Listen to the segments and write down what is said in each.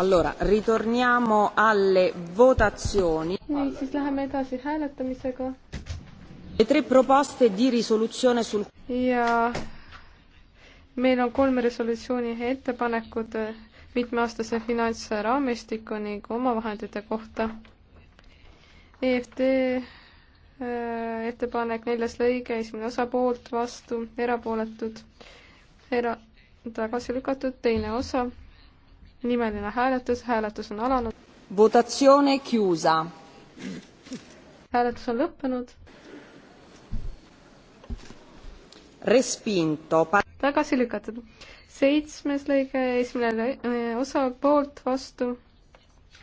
Allora, ritorniamo alle votazioni. Nii, siis läheme edasi hääletamisega. Le tre proposte di risoluzione sul... Ja meil on kolm resolutsiooni ettepanekud mitmeaastase finantsraamistiku ning omavahendite kohta. EFT äh, ettepanek neljas lõige, esimene osa poolt, vastu, erapooletud, era-, tagasi lükatud, teine osa nimeline hääletus, hääletus on alanud. Votatsioone chiusa. hääletus on lõppenud. Respinto. tagasi lükatud. seitsmes lõige, esimene äh, osa poolt, vastu,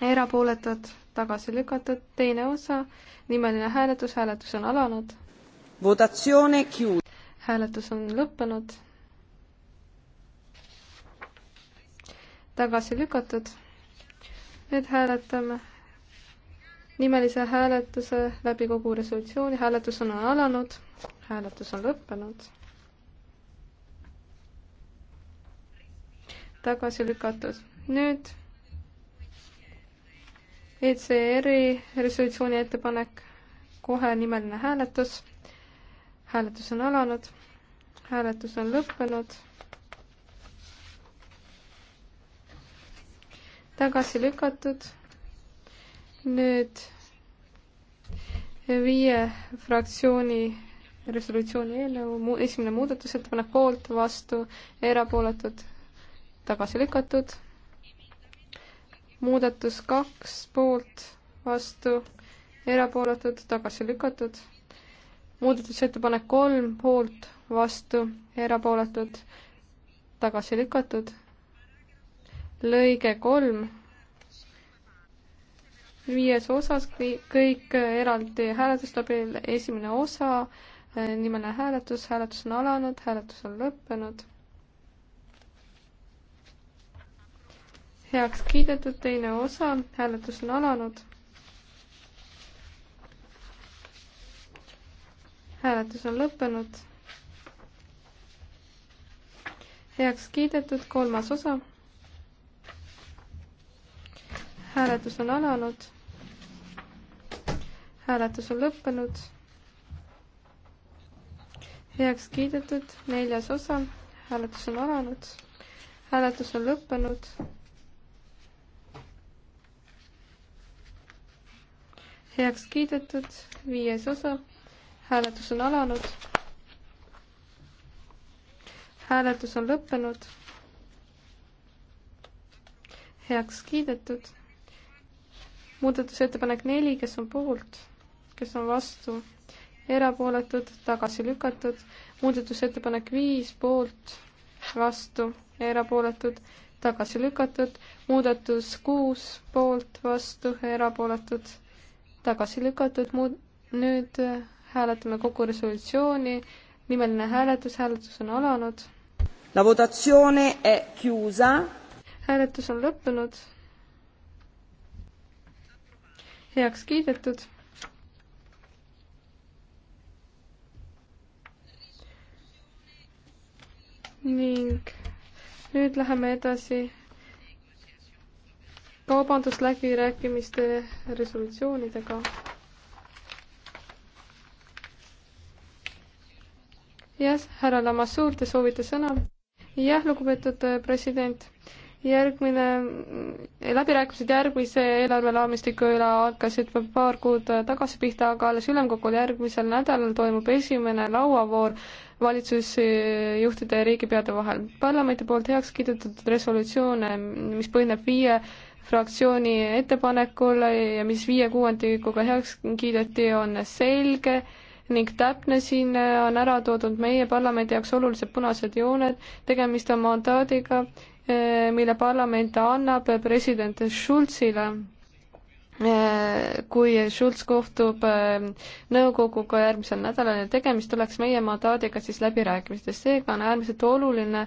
erapooletud, tagasi lükatud, teine osa, nimeline hääletus, hääletus on alanud. Votatsioone chiusa. hääletus on lõppenud tagasi lükatud. nüüd hääletame nimelise hääletuse läbi kogu resolutsiooni, hääletus on alanud, hääletus on lõppenud. tagasi lükatud. nüüd ECR-i resolutsiooni ettepanek, kohe nimeline hääletus. hääletus on alanud, hääletus on lõppenud tagasi lükatud. nüüd viie fraktsiooni resolutsiooni eelnõu, esimene muudatusettepanek poolt, vastu, erapooletud, tagasi lükatud. muudatus kaks poolt, vastu, erapooletud, tagasi lükatud. muudatusettepanek kolm poolt, vastu, erapooletud, tagasi lükatud lõige kolm viies osas kõik eraldi hääletustabil esimene osa, eh, nimeline hääletus, hääletus on alanud, hääletus on lõppenud. heaks kiidetud teine osa, hääletus on alanud. hääletus on lõppenud. heaks kiidetud kolmas osa hääletus on alanud. hääletus on lõppenud. heaks kiidetud neljas osa, hääletus on alanud. hääletus on lõppenud. heaks kiidetud viies osa, hääletus on alanud. hääletus on lõppenud heaks kiidetud muudatusettepanek neli, kes on poolt, kes on vastu, erapooletud, tagasi lükatud, muudatusettepanek viis poolt, vastu, erapooletud, tagasi lükatud, muudatus kuus poolt, vastu, erapooletud, tagasi lükatud, muud-, nüüd äh, hääletame kogu resolutsiooni, nimeline hääletus, hääletus on alanud. La votazione è chiusa. hääletus on lõppenud heaks kiidetud. ning nüüd läheme edasi kaubandusläbirääkimiste resolutsioonidega. jah, härra Lamassuur, te soovite sõna? jah, lugupeetud president järgmine, läbirääkimised järgmise eelarvelaamistiku üle hakkasid paar kuud tagasi pihta, aga alles ülemkogul järgmisel nädalal toimub esimene lauavoor valitsusjuhtide ja riigipeade vahel. parlamendi poolt heaks kiidetud resolutsioon, mis põhineb viie fraktsiooni ettepanekul ja mis viie kuuendikuga heaks kiideti, on selge ning täpne siin on ära toodud meie parlamendi jaoks olulised punased jooned, tegemist on mandaadiga Eh, mille parlament annab president Schulzile, eh, kui Schulz kohtub eh, nõukoguga järgmisel nädalal ja tegemist oleks meie mandaadiga siis läbirääkimistes. seega on äärmiselt oluline,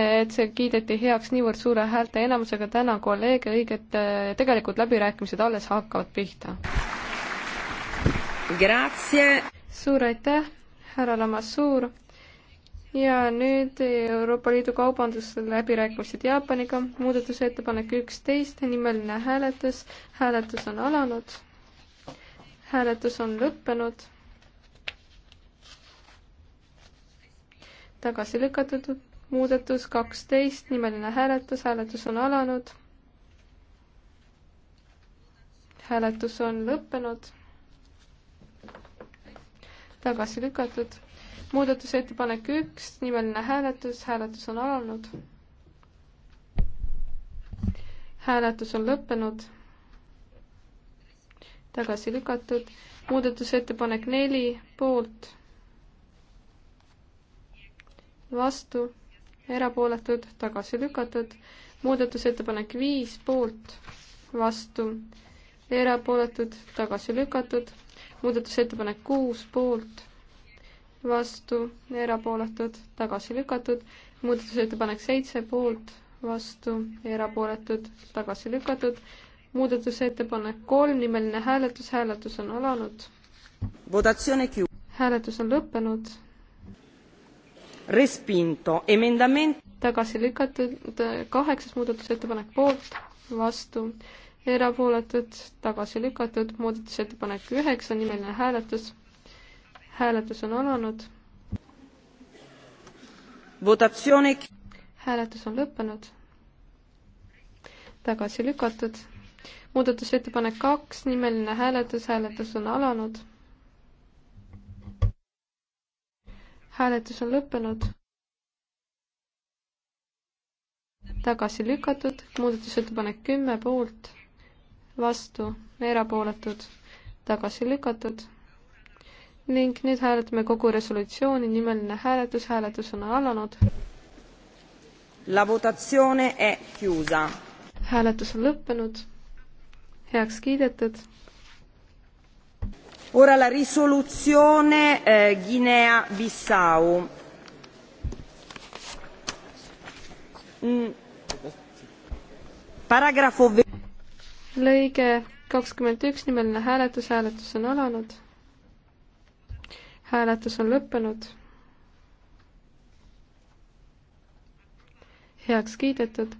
et see kiideti heaks niivõrd suure häälteenamusega täna kolleege, õiget, tegelikult läbirääkimised alles hakkavad pihta. suur aitäh, härra Lamassuur ja nüüd Euroopa Liidu kaubandusläbirääkimised Jaapaniga, muudatusettepanek üksteist, nimeline hääletus, hääletus on alanud, hääletus on lõppenud, tagasi lükatud, muudatus kaksteist, nimeline hääletus, hääletus on alanud, hääletus on lõppenud, tagasi lükatud muudatusettepanek üks, nimeline hääletus, hääletus on alanud. hääletus on lõppenud. tagasi lükatud, muudatusettepanek neli, poolt, vastu, erapooletud, tagasi lükatud, muudatusettepanek viis, poolt, vastu, erapooletud, tagasi lükatud, muudatusettepanek kuus, poolt vastu, erapooletud, tagasi lükatud. muudatusettepanek seitse poolt, vastu, erapooletud, tagasi lükatud. muudatusettepanek kolm, nimeline hääletus, hääletus on alanud. hääletus on lõppenud. Respinto, emendament. tagasi lükatud, kaheksas muudatusettepanek poolt, vastu, erapooletud, tagasi lükatud, muudatusettepanek üheksa, nimeline hääletus hääletus on alanud. hääletus on lõppenud. tagasi lükatud. muudatusettepanek kaks, nimeline hääletus, hääletus on alanud. hääletus on lõppenud. tagasi lükatud, muudatusettepanek kümme poolt, vastu, erapooletud, tagasi lükatud ning nüüd hääletame kogu resolutsiooni, nimeline hääletus, hääletus on alanud. La votazione è chiusa. hääletus on lõppenud, heaks kiidetud. Ora la risoluzione eh, Guinea-Bissau. Mm. Paragrafo lõige kakskümmend üks, nimeline hääletus, hääletus on alanud hääletus on lõppenud. heaks kiidetud.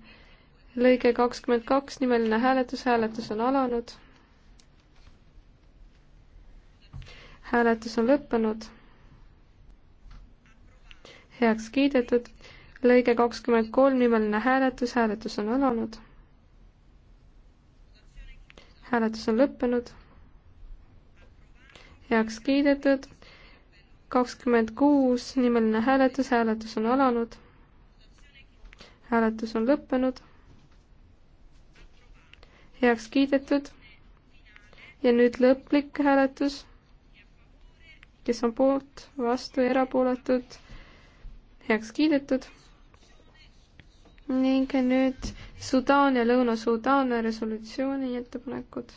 lõige kakskümmend kaks, nimeline hääletus, hääletus on alanud. hääletus on lõppenud. heaks kiidetud. lõige kakskümmend kolm, nimeline hääletus, hääletus on alanud. hääletus on lõppenud. heaks kiidetud kakskümmend kuus, nimeline hääletus, hääletus on alanud. hääletus on lõppenud. heaks kiidetud. ja nüüd lõplik hääletus. kes on poolt, vastu, erapooletud, heaks kiidetud. ning nüüd Sudaan ja Lõuna-Sudaan resolutsiooni ettepanekud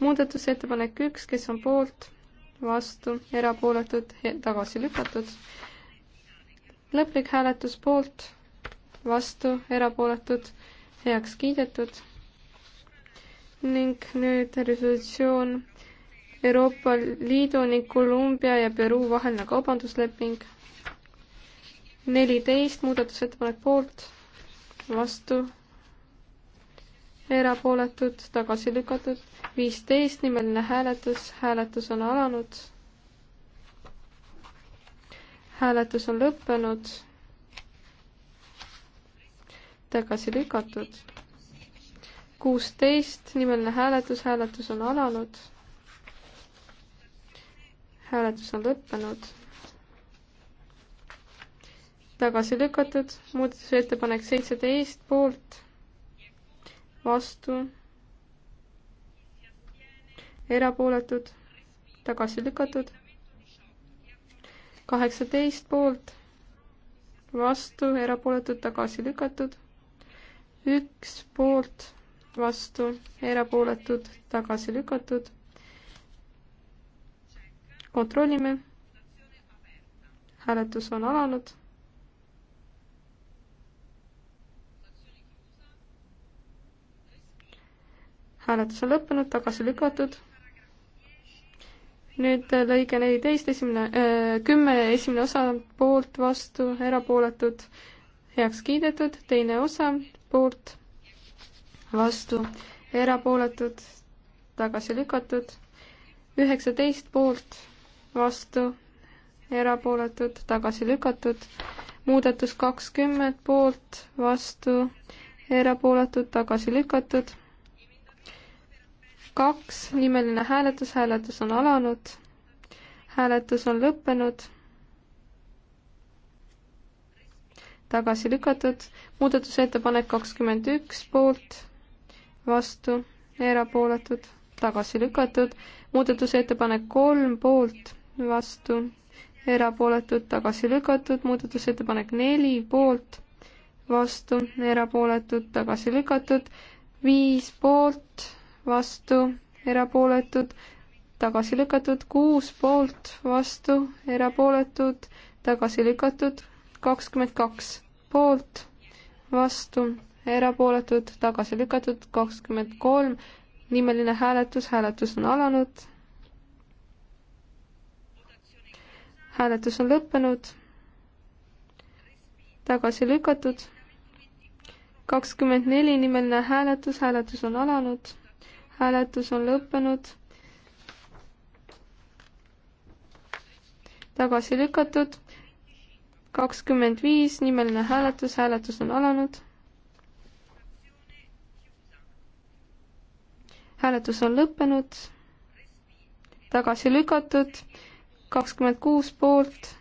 muudatusettepanek üks, kes on poolt, vastu, erapooletud, tagasi lükatud. lõplik hääletus poolt, vastu, erapooletud, heaks kiidetud. ning nüüd resolutsioon Euroopa Liidu ning Kolumbia ja Peruu vaheline kaubandusleping. neliteist muudatusettepanek poolt, vastu erapooletud, tagasi lükatud, viisteist nimeline hääletus, hääletus on alanud. hääletus on lõppenud. tagasi lükatud. kuusteist nimeline hääletus, hääletus on alanud. hääletus on lõppenud. tagasi lükatud, muudatusettepanek seitseteist poolt vastu, erapooletud, tagasi lükatud, kaheksateist poolt, vastu, erapooletud, tagasi lükatud, üks poolt, vastu, erapooletud, tagasi lükatud. kontrollime. hääletus on alanud hääletus on lõppenud, tagasi lükatud. nüüd äh, lõige neliteist, esimene äh,, kümme esimene osa poolt, vastu, erapooletud, heaks kiidetud, teine osa poolt, vastu, erapooletud, tagasi lükatud, üheksateist poolt, vastu, erapooletud, tagasi lükatud, muudatus kakskümmend poolt, vastu, erapooletud, tagasi lükatud kaks, nimeline hääletus, hääletus on alanud, hääletus on lõppenud, tagasi lükatud, muudatusettepanek kakskümmend üks poolt, vastu, erapooletud, tagasi lükatud, muudatusettepanek kolm poolt, vastu, erapooletud, tagasi lükatud, muudatusettepanek neli poolt, vastu, erapooletud, tagasi lükatud, viis poolt, vastu, erapooletud, tagasi lükatud, kuus poolt, vastu, erapooletud, tagasi lükatud, kakskümmend kaks poolt, vastu, erapooletud, tagasi lükatud, kakskümmend kolm, nimeline hääletus, hääletus on alanud. hääletus on lõppenud, tagasi lükatud, kakskümmend neli, nimeline hääletus, hääletus on alanud hääletus on lõppenud. tagasi lükatud. kakskümmend viis, nimeline hääletus, hääletus on alanud. hääletus on lõppenud. tagasi lükatud. kakskümmend kuus poolt,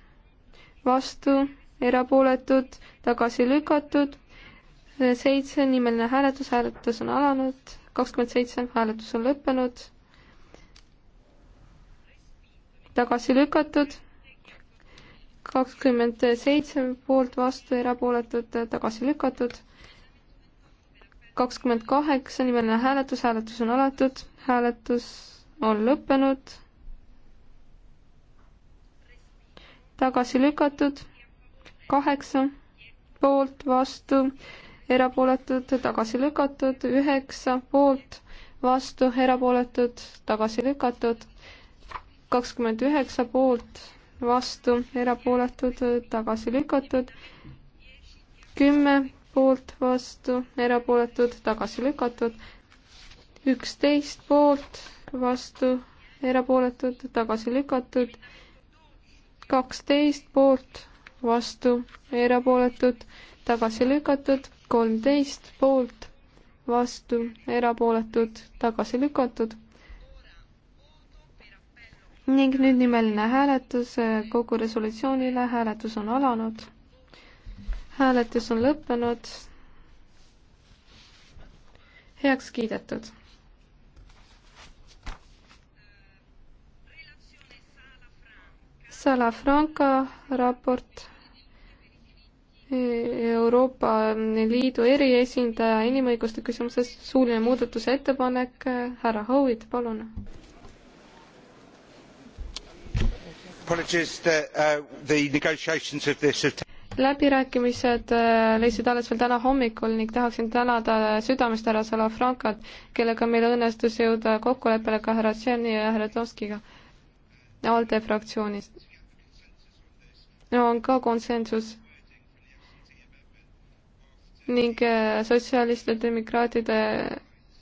vastu, erapooletud, tagasi lükatud seitse, nimeline hääletus, hääletus on alanud, kakskümmend seitse, hääletus on lõppenud, tagasi lükatud, kakskümmend seitse poolt, vastu, erapooletud, tagasi lükatud, kakskümmend kaheksa, nimeline hääletus, hääletus on alatud, hääletus on lõppenud, tagasi lükatud, kaheksa poolt, vastu, erapooletud, tagasi lükatud, üheksa poolt, vastu, erapooletud, tagasi lükatud, kakskümmend üheksa poolt, vastu, erapooletud, tagasi lükatud, kümme poolt, vastu, erapooletud, tagasi lükatud, üksteist poolt, vastu, erapooletud, tagasi lükatud, kaksteist poolt, vastu, erapooletud, tagasi lükatud, kolmteist poolt, vastu, erapooletud, tagasi lükatud. ning nüüd nimeline hääletus äh, kogu resolutsioonile, hääletus on alanud. hääletus on lõppenud. heaks kiidetud Salafranca raport Euroopa Liidu eriesindaja inimõiguste küsimuses suuline muudatusettepanek, härra Howitt, palun. Uh, läbirääkimised äh, leidsid alles veel täna hommikul ning tahaksin tänada südamest härra Salafrancat, kellega meil õnnestus jõuda kokkuleppele ka härra Tšerni ja härra Tomskiga ALDE fraktsioonist no,. on ka konsensus ning äh, sotsialistide demokraatide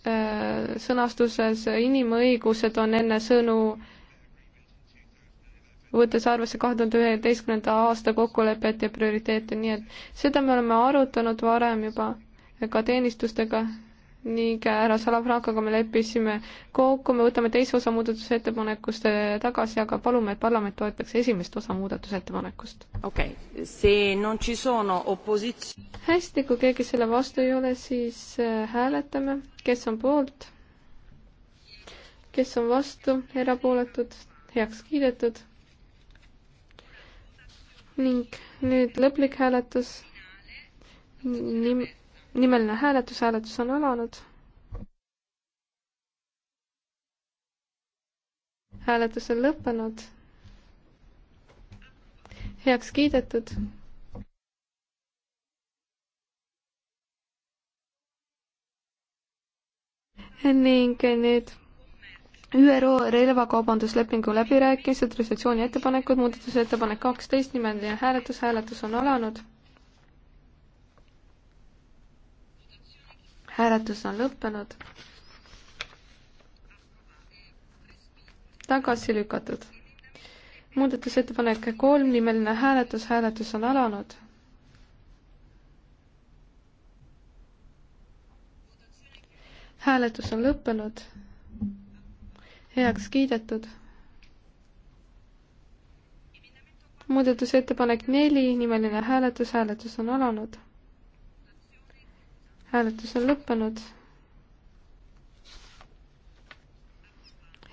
äh, sõnastuses inimõigused on enne sõnu võttes arvesse kahe tuhande üheteistkümnenda aasta kokkulepet ja prioriteete, nii et seda me oleme arutanud varem juba ka teenistustega ning härra Salafrankaga me leppisime kokku, me võtame teise osa muudatusettepanekust eh, tagasi, aga palume, et parlament toetaks esimest osa muudatusettepanekust. okei okay., see non ci sono opposits-. hästi, kui keegi selle vastu ei ole, siis eh, hääletame, kes on poolt, kes on vastu, erapooletud, heaks kiidetud. ning nüüd lõplik hääletus Nim nimeline hääletus, hääletus on alanud. hääletus on lõppenud. heaks kiidetud. ning nüüd ÜRO relvakaubanduslepingu läbirääkimised, resolutsiooni ettepanekud, muudatusettepanek kaksteist, nimeline hääletus, hääletus on alanud hääletus on lõppenud. tagasi lükatud. muudatusettepanek kolm, nimeline hääletus, hääletus on alanud. hääletus on lõppenud. heaks kiidetud. muudatusettepanek neli, nimeline hääletus, hääletus on alanud hääletus on lõppenud.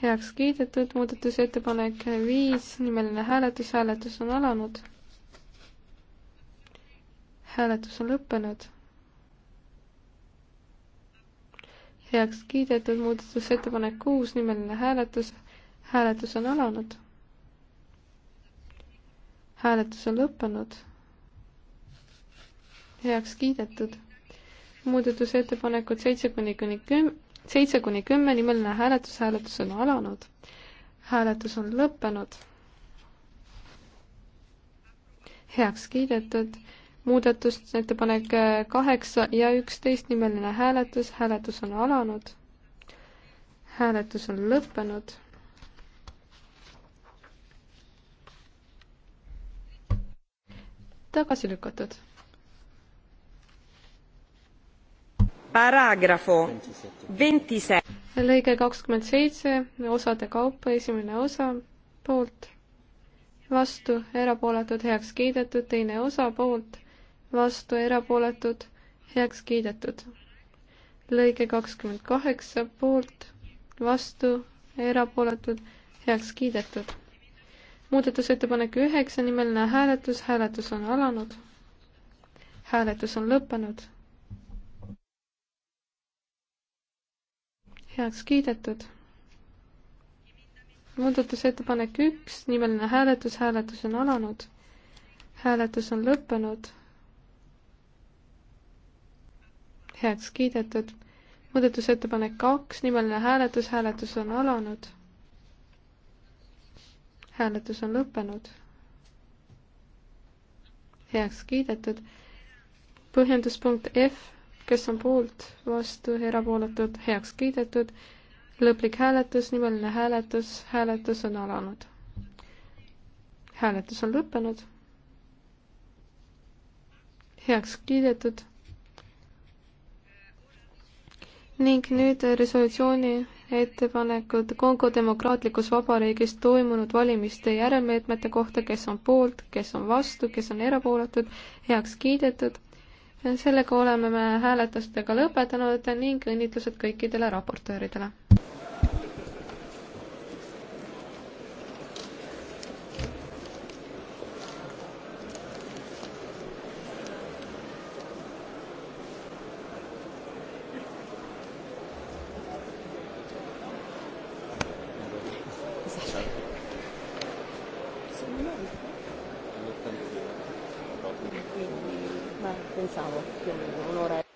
heaks kiidetud muudatusettepanek viis, nimeline hääletus, hääletus on alanud. hääletus on lõppenud. heaks kiidetud muudatusettepanek kuus, nimeline hääletus, hääletus on alanud hääletus on lõppenud. heaks kiidetud muudatusettepanekud seitse kuni kuni küm-, seitse kuni kümme, nimeline hääletus, hääletus on alanud. hääletus on lõppenud. heaks kiidetud muudatusettepanek äh, kaheksa ja üksteist, nimeline hääletus, hääletus on alanud. hääletus on lõppenud tagasi lükatud. paragrahvu ventise-. lõige kakskümmend seitse, osade kaupa, esimene osa, poolt, vastu, erapooletud, heaks kiidetud, teine osa, poolt, vastu, erapooletud, heaks kiidetud. lõige kakskümmend kaheksa, poolt, vastu, erapooletud, heaks kiidetud. muudatusettepanek üheksa, nimeline hääletus, hääletus on alanud. hääletus on lõppenud heaks kiidetud. muudatusettepanek üks, nimeline hääletus, hääletus on alanud. hääletus on lõppenud. heaks kiidetud. muudatusettepanek kaks, nimeline hääletus, hääletus on alanud. hääletus on lõppenud. heaks kiidetud. põhjenduspunkt F kes on poolt, vastu, erapooletud, heaks kiidetud. lõplik hääletus, nimeline hääletus, hääletus on alanud. hääletus on lõppenud. heaks kiidetud. ning nüüd resolutsiooni ettepanekud Kongo Demokraatlikus Vabariigis toimunud valimiste järelmeetmete kohta, kes on poolt, kes on vastu, kes on erapooletud, heaks kiidetud sellega oleme me hääletustega lõpetanud ning õnnitlused kõikidele raportööridele. pensavo più o meno un'ora. E